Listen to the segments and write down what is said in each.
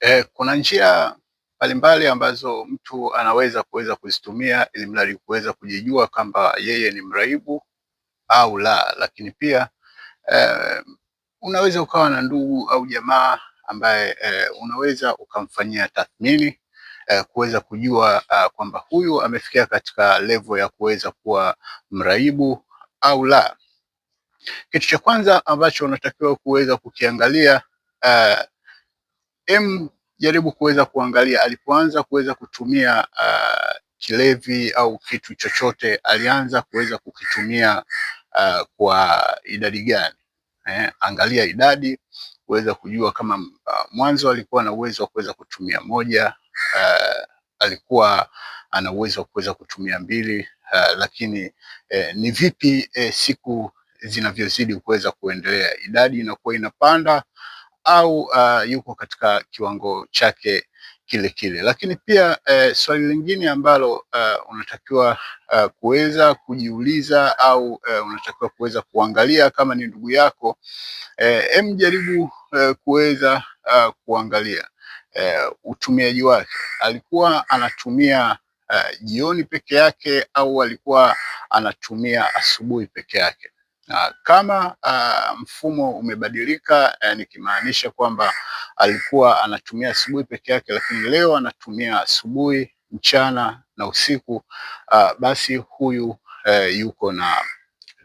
Eh, kuna njia mbalimbali ambazo mtu anaweza kuweza kuzitumia ili mradi kuweza kujijua kwamba yeye ni mraibu au la, lakini pia eh, unaweza ukawa na ndugu au jamaa ambaye eh, unaweza ukamfanyia tathmini eh, kuweza kujua ah, kwamba huyu amefikia katika levo ya kuweza kuwa mraibu au la. Kitu cha kwanza ambacho unatakiwa kuweza kukiangalia eh, em, jaribu kuweza kuangalia alipoanza kuweza kutumia uh, kilevi au kitu chochote alianza kuweza kukitumia uh, kwa idadi gani? Eh, angalia idadi kuweza kujua kama uh, mwanzo alikuwa na uwezo wa kuweza kutumia moja uh, alikuwa ana uwezo wa kuweza kutumia mbili uh, lakini eh, ni vipi eh, siku zinavyozidi kuweza kuendelea idadi inakuwa inapanda au uh, yuko katika kiwango chake kile kile. Lakini pia eh, swali lingine ambalo uh, unatakiwa uh, kuweza kujiuliza au uh, unatakiwa kuweza kuangalia kama ni ndugu yako uh, hem, em jaribu eh, kuweza uh, kuangalia eh, utumiaji wake, alikuwa anatumia uh, jioni peke yake au alikuwa anatumia asubuhi peke yake. Na kama uh, mfumo umebadilika eh, nikimaanisha kwamba alikuwa anatumia asubuhi peke yake, lakini leo anatumia asubuhi, mchana na usiku uh, basi huyu uh, yuko na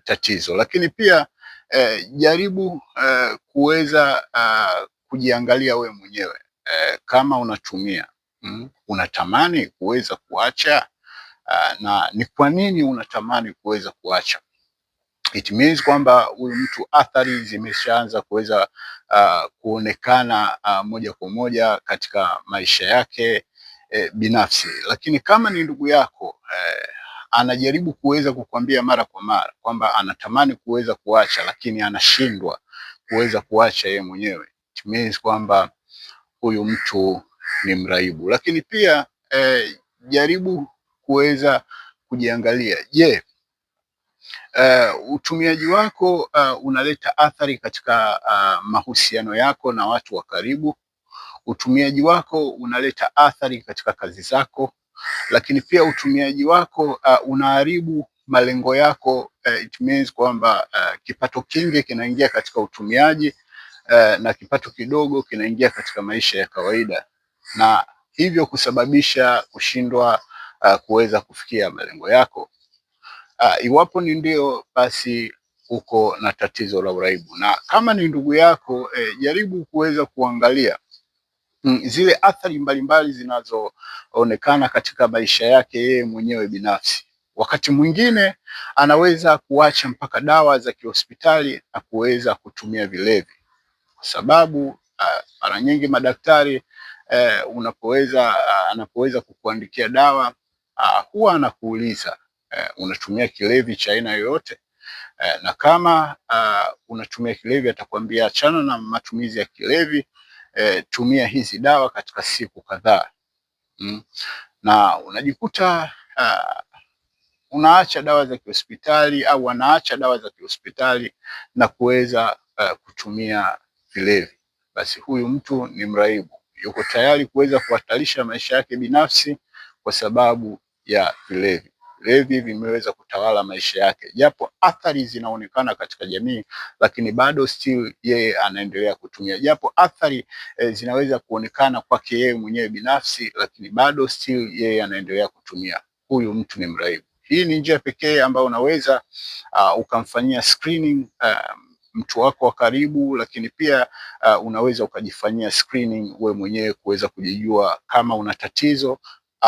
tatizo. Lakini pia uh, jaribu uh, kuweza uh, kujiangalia we mwenyewe uh, kama unatumia mm, unatamani kuweza kuacha uh, na ni kwa nini unatamani kuweza kuacha? it means kwamba huyu mtu athari zimeshaanza kuweza uh, kuonekana uh, moja kwa moja katika maisha yake eh, binafsi. Lakini kama ni ndugu yako eh, anajaribu kuweza kukwambia mara kwa mara kwamba anatamani kuweza kuacha, lakini anashindwa kuweza kuacha yeye mwenyewe, it means kwamba huyu mtu ni mraibu. Lakini pia eh, jaribu kuweza kujiangalia, je, yeah, uh, utumiaji wako uh, unaleta athari katika uh, mahusiano yako na watu wa karibu. Utumiaji wako unaleta athari katika kazi zako, lakini pia utumiaji wako uh, unaharibu malengo yako. Uh, it means kwamba uh, kipato kingi kinaingia katika utumiaji uh, na kipato kidogo kinaingia katika maisha ya kawaida na hivyo kusababisha kushindwa uh, kuweza kufikia malengo yako. Uh, iwapo ni ndio, basi uko na tatizo la uraibu, na kama ni ndugu yako e, jaribu kuweza kuangalia mm, zile athari mbalimbali zinazoonekana katika maisha yake yeye mwenyewe binafsi. Wakati mwingine anaweza kuacha mpaka dawa za kihospitali na kuweza kutumia vilevi, kwa sababu ah, mara nyingi madaktari uh, unapoweza ah, anapoweza kukuandikia dawa uh, huwa anakuuliza eh, unatumia kilevi cha aina yoyote eh, na kama uh, unatumia kilevi atakwambia achana na matumizi ya kilevi eh, tumia hizi dawa katika siku kadhaa mm. Na unajikuta uh, unaacha dawa za kihospitali au anaacha dawa za kihospitali na kuweza uh, kutumia vilevi, basi huyu mtu ni mraibu, yuko tayari kuweza kuhatarisha maisha yake binafsi kwa sababu ya vilevi ulevi vimeweza kutawala maisha yake, japo athari zinaonekana katika jamii, lakini bado still yeye anaendelea kutumia, japo athari e, zinaweza kuonekana kwake yeye mwenyewe binafsi, lakini bado still yeye anaendelea kutumia. Huyu mtu ni mraibu. Hii ni njia pekee ambayo unaweza uh, ukamfanyia screening uh, mtu wako wa karibu, lakini pia uh, unaweza ukajifanyia screening wewe mwenyewe kuweza kujijua kama una tatizo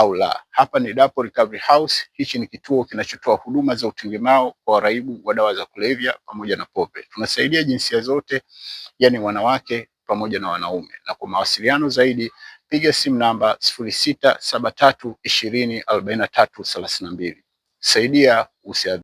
au la. Hapa ni Dapo Recovery House. Hichi ni kituo kinachotoa huduma za utengemao kwa waraibu wa dawa za kulevya pamoja na pombe. Tunasaidia jinsia zote, yani wanawake pamoja na wanaume, na kwa mawasiliano zaidi piga simu namba 0673204332 ishirini tatu mbili. Saidia usia